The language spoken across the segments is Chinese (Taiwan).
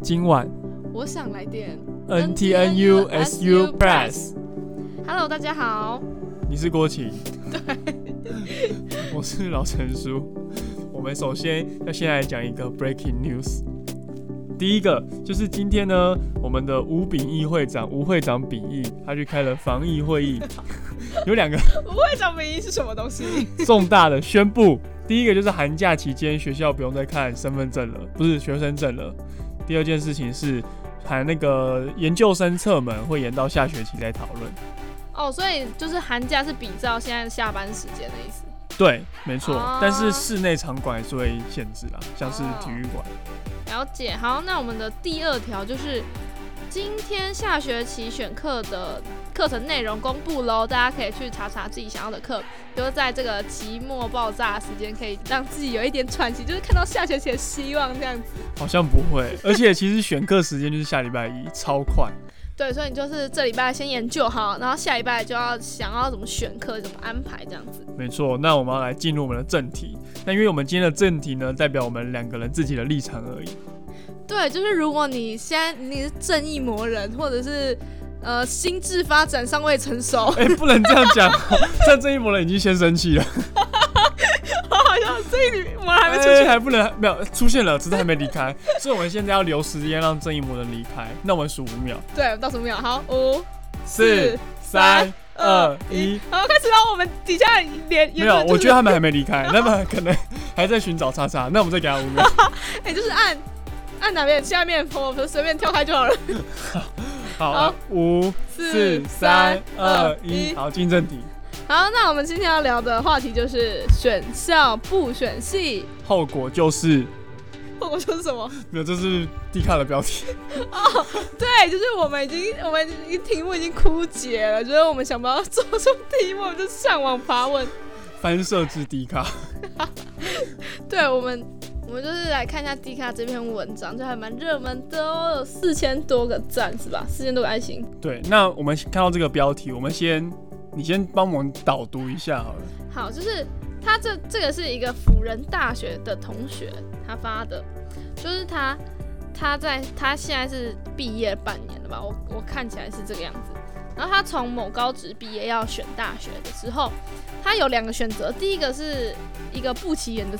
今晚我想來點 N T N U S U Press。Hello，大家好。你是郭琪，對，我是老陳叔。我們首先要先來講一個 Breaking News。第一個就是今天呢，我們的吳秉義會長，吳會長秉義，他去開了防疫會議， 有兩個吳會長秉義是什麼東西？重大的宣布，第一個就是寒假期間學校不用再看身份證了，不是學生證了。第二件事情是，還那個研究生側門會延到下學期再討論。哦，所以就是寒假是比照現在下班時間的意思。對，沒錯。哦。但是室內場館還是會限制啦，像是體育館。哦。了解。好，那我們的第二條就是。今天下學期選課的課程內容公布嘍，大家可以去查查自己想要的課，就是在這個期末爆炸時間，可以讓自己有一點喘息，就是看到下學期的希望這樣子。好像不會，而且其實選課時間就是下禮拜一， 超快。對，所以你就是這禮拜先研究好，然後下禮拜就要想要怎麼選課，怎麼安排這樣子。沒錯，那我們要來進入我們的正題。那因為我們今天的正題呢，代表我們兩個人自己的立場而已。對，就是如果你先，你是正義魔人，或者是呃心智發展尚未成熟，哎、欸，不能這樣講，但 正義魔人已經先生氣了。哈 哈我好像正義魔人還沒出現，欸、還不能還沒有出現了，只是還沒離開，所以我們現在要留時間讓正義魔人離開。那我們數五秒，對，倒數五秒。好，五四三二一，好開始吧，我們底下連沒有也、就是，我覺得他們還沒離開，那麼可能還在尋找叉叉叉，那我們再給他五秒，哎、 欸，就是。哪邊？下面，我隨便跳開就好了。好，好啊、好五四,四三二一，好，進正題。好，那我們今天要聊的話題就是選校不選系，後果就是。後果就是什麼？沒有，這、就是 D 卡的標題。哦、 oh，對，就是我們已經，我們題目已經枯竭了，覺 得我們想不到做出題目，我們就上網發問，翻設置 D 卡。 對我們。我們就是來看一下 Dcard 這篇文章，就還蠻熱門的喔，有四千多個讚是吧？四千多個愛心。對，那我們看到這個標題，我們先你先幫我們導讀一下好了。好，就是他這這個是一個輔仁大學的同學他發的，就是他他在他現在是畢業半年了吧？我我看起來是這個樣子。然後他從某高職畢業要選大學的時候，他有兩個選擇，第一個是一個不起眼的。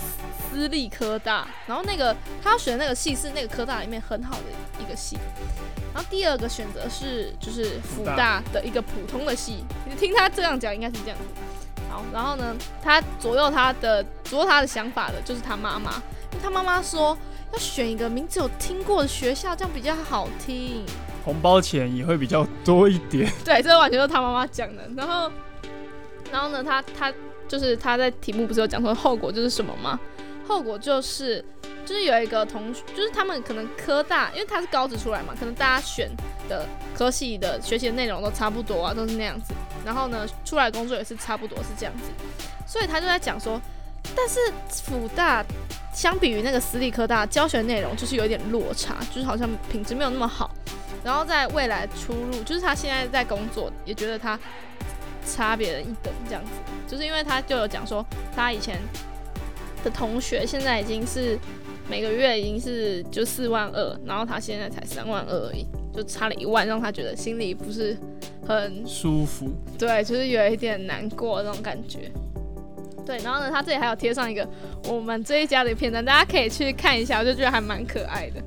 私立科大，然後那個他要選的那個系是那個科大裡面很好的一個系，然後第二個選擇是就是輔大的一個普通的系。你聽他這樣講，應該是這樣子。好，然後呢，他左右他的左右他的想法的就是他媽媽，因為他媽媽說要選一個名字有聽過的學校，這樣比較好聽，紅包錢也會比較多一點。對，這個完全是他媽媽講的。然後，然後呢，他他。就是他在題目不是有講說後果就是什麼嗎？後果就是就是有一個同學，就是他們可能科大，因為他是高職出來嘛，可能大家選的科系的學習的內容都差不多啊，都是那樣子。然後呢，出來工作也是差不多是這樣子。所以他就在講說，但是輔大相比於那個私立科大教學內容就是有一點落差，就是好像品質沒有那麼好。然後在未來出路，就是他現在在工作也覺得他。差別人一等這樣子，就是因為他就有講說，他以前的同學現在已經是每個月已經是就四萬二，然後他現在才三萬二而已，就差了一萬，讓他覺得心裡不是很舒服。對，就是有一點難過那種感覺。對，然後呢，他這裡還有貼上一個我們這一家的片段，大家可以去看一下，我就覺得還蠻可愛的，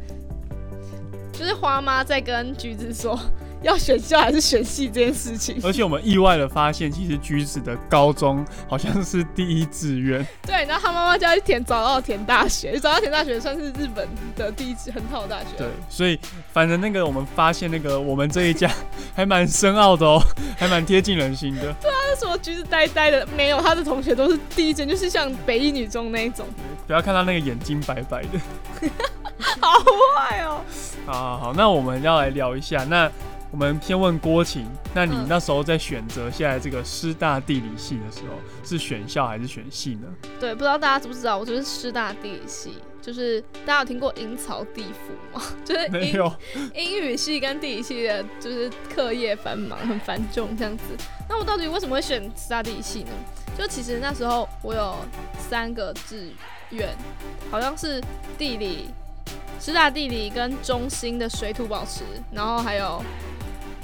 就是花媽在跟橘子說。要選校還是選系這件事情，而且我們意外的發現，其實橘子的高中好像是第一志願 。對，然後他媽媽就要去填早稻田大學，早稻田大學算是日本的第一次很好的大學。啊，對，所以反正那個我們發現那個我們這一家還蠻深奧的哦，喔， 還蠻貼近人心的。對啊，為什麼橘子呆呆的？沒有，他的同學都是第一件就是像北一女中那一種。對，不要看他那個眼睛白白的， 好壞哦，喔。好，好好，那我們要來聊一下那。我們先問郭琴，那你那時候在選擇現在這個師大地理系的時候，嗯，是選校還是選系呢？對，不知道大家知不知道，我就是師大地理系，就是大家有聽過陰曹地府嗎？就是英沒有英語系跟地理系的，就是課業繁忙，很繁重這樣子。那我到底為什麼會選師大地理系呢？就其實那時候我有三個志願，好像是地理。師大地理跟中興的水土保持，然後還有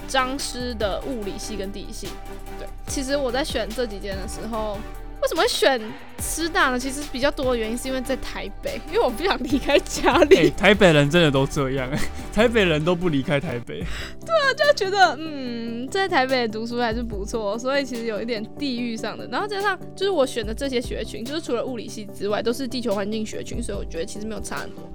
彰師的物理系跟地理系。對，其實我在選這幾間的時候，為什麼會選師大呢？其實比較多的原因是因為在台北，因為我不想離開家裡。欸，台北人真的都這樣，台北人都不離開台北。他就覺得，嗯，在台北讀書還是不錯，所以其實有一點地域上的。然後加上就是我選的這些學群，就是除了物理系之外，都是地球環境學群，所以我覺得其實沒有差很多。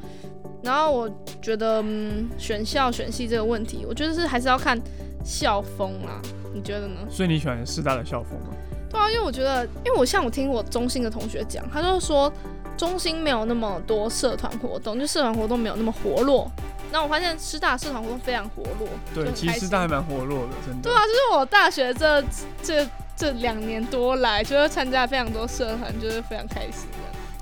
然後我覺得，嗯，選校選系這個問題，我覺得是還是要看校風啦，你覺得呢？所以你喜歡師大的校風嗎？對啊，因為我覺得，因為我像我聽我中興的同學講，他就說中興沒有那麼多社團活動，就社團活動沒有那麼活絡。那我發現師大社團活動非常活絡，對，其實師大還蠻活絡的，真的。對啊，就是我大學這這這兩年多來，就是參加非常多社團，就是非常開心。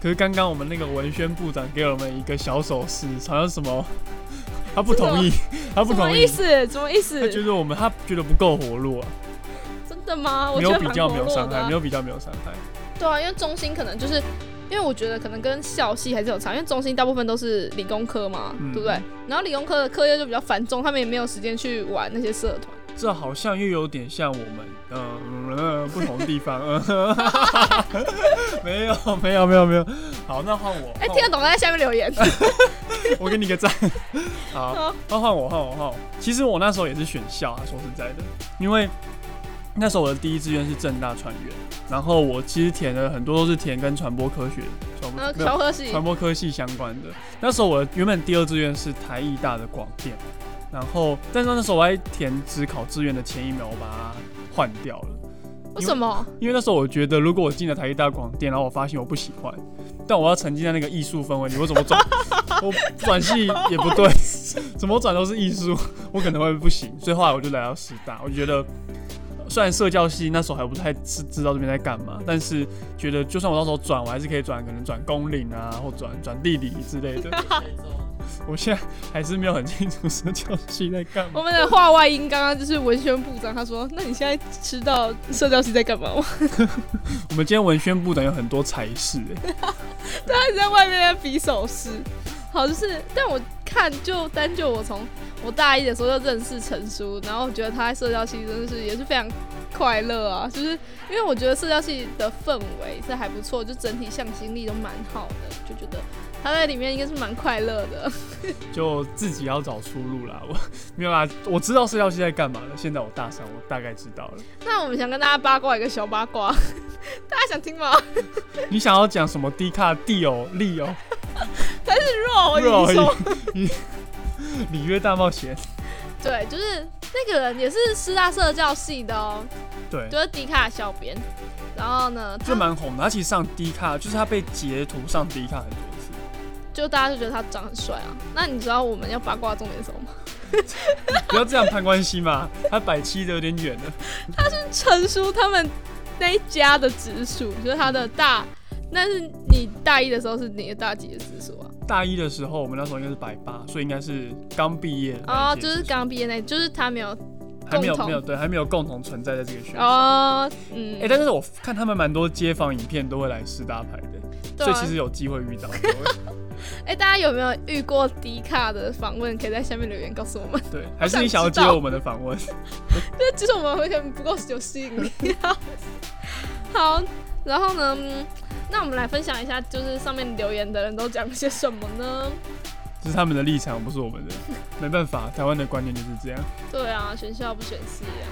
可是剛剛我們那個文宣部長給了我們一個小手勢，好像什麼，他不同意， 他不同意，什麼意思？什麼意思？他覺得我們他覺得不夠活絡啊。真的嗎？我覺得蠻活絡的啊。沒有比較沒有傷害，沒有比較沒有傷害。對啊，因為中心可能就是。因為我覺得可能跟校系還是有差，因為中心大部分都是理工科嘛，嗯、對不對？然後理工科的課業就比較繁重，他們也沒有時間去玩那些社團。這好像又有點像我們，呃、嗯、呃，不同地方。 呃、 沒有，沒有，沒有，沒有。好，那換我。哎、欸，聽得懂的在下面留言。 我給你個讚。好，那換我，換我，換我，我。其實我那時候也是選校、啊，說實在的，因為。那時候我的第一志願是政大傳院，然後我其實填的很多都是填跟傳播科學、傳播系、傳播科系相關的。那時候我原本第二志願是台藝大的廣電，然後但是那時候我在填指考志願的前一秒，我把它換掉了，因為。為什麼？因為那時候我覺得，如果我進了台藝大廣電，然後我發現我不喜歡，但我要沉浸在那個藝術氛圍裡，我怎麼轉？ 我轉系也不對， 怎麼轉都是藝術，我可能會不行。所以後來我就來到師大，我覺得。雖然社教系那時候還不太知知道，這邊在幹嘛，但是覺得就算我到時候轉，我還是可以轉，可能轉公領啊，或轉轉地理之類的。 我現在還是沒有很清楚社教系在幹嘛。我們的話外音剛剛就是文宣部長，他說：“那你現在知道社教系在幹嘛嗎？” 我們今天文宣部長有很多才藝，欸， 他哈，他在外面在比手勢。好，就是，但我看就單就我從我大一的時候就認識陳叔，然後我覺得他在社交系真的是也是非常快樂啊，就是因為我覺得社交系的氛圍是還不錯，就整體向心力都蠻好的，就覺得他在裡面應該是蠻快樂的。就自己要找出路啦，我沒有啦、啊，我知道社交系在幹嘛的。現在我大三，我大概知道了。那我們想跟大家八卦一個小八卦，大家想聽嗎？你想要講什麼？迪卡、迪歐、利歐。我跟你說， 《你里約大冒險》對，就是那個人也是師大社教系的哦、喔。對，就是迪卡的小編。然後呢，就蠻紅的。他其實上迪卡，就是他被截圖上迪卡很多次，就大家就覺得他長很帥啊。那你知道我們要八卦重點是什麼嗎？不要這樣攀關係嘛， 他擺期的有點遠了。他是陳叔他們那一家的直屬，就是他的大。那是你大一的時候是哪個大幾的直屬啊？大一的時候，我們那時候應該是百八，所以應該是剛畢業哦，就是剛畢業那，就是他沒有，還沒有沒有對，還沒有共同存在在這個學校。哦，嗯，哎、欸，但是我看他們蠻多街訪影片都會來師大拍的、啊，所以其實有機會遇到會。哎、 欸，大家有沒有遇過 Dcard 的訪問？可以在下面留言告訴我們。對，還是你想要接我們的訪問？對，就是我們好像不夠有吸引力。好。然後呢，那我們來分享一下，就是上面留言的人都講一些什麼呢？這，就是他們的立場，不是我們的。沒辦法， 台灣的觀念就是這樣。對啊，選校不選系，啊、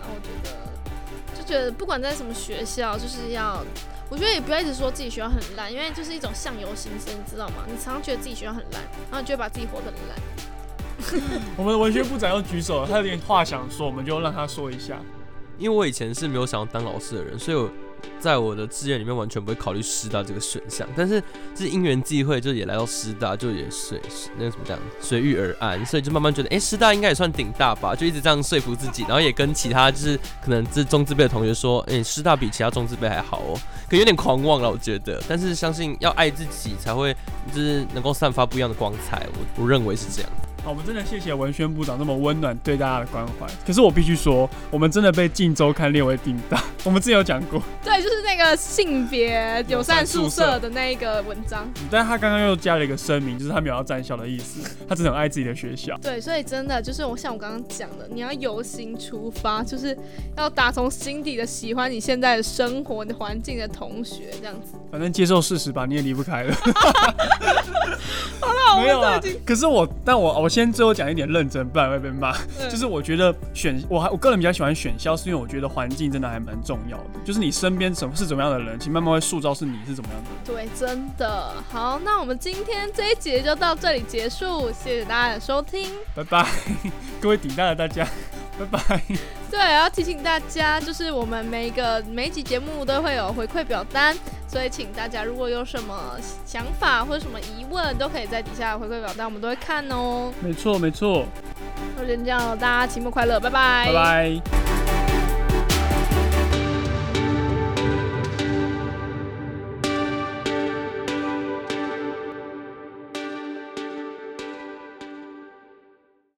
那我覺得，就覺得不管在什麼學校，就是要，我覺得也不要一直說自己學校很爛，因為就是一種相由心生，你知道嗎？你常常覺得自己學校很爛，然後你就會把自己活得很爛。 我們文學部長要舉手了， 他有點話想說，我們就讓他說一下。因為我以前是沒有想要當老師的人，所以我。在我的志願裡面，完全不會考慮師大這個選項。但是，就是因緣際會，就也來到師大，就也隨那個什麼這樣隨遇而安。所以，就慢慢覺得，哎、欸，師大應該也算頂大吧，就一直這樣說服自己。然後，也跟其他就是可能這中字輩的同學說，哎、欸，師大比其他中字輩還好哦，可有點狂妄了，我覺得。但是，相信要愛自己，才會就是能夠散發不一樣的光彩。我我認為是這樣。好，我們真的謝謝文宣部長那麼溫暖對大家的關懷。可是我必須說，我們真的被鏡週刊列為頂大。我們之前有講過，對，就是那個性別友善宿舍的那一個文章。但是他剛剛又加了一個聲明，就是他沒有要戰校的意思，他真的很愛自己的學校。對，所以真的就是我像我剛剛講的，你要由心出發，就是要打從心底的喜歡你現在的生活環境的同學這樣子。反正接受事實吧，你也離不開了。 好、哦、了、啊，可是我，但我我先最後講一點認真，不然會被罵。就是我覺得選我還我個人比較喜歡選校，是因為我覺得環境真的還蠻重要的。就是你身邊怎麼是怎麼樣的人，其實慢慢會塑造是你是怎麼樣的。對，真的。好，那我們今天這一集就到這裡結束，謝謝大家的收聽，拜拜，各位頂大了大家，拜拜。對，要提醒大家，就是我們每一個每一集節目都會有回饋表單。所以，請大家如果有什麼想法或者什麼疑問，都可以在底下回饋表單，我們都會看哦、喔。沒錯，沒錯。那先這樣了。大家期末快樂，拜拜。拜拜。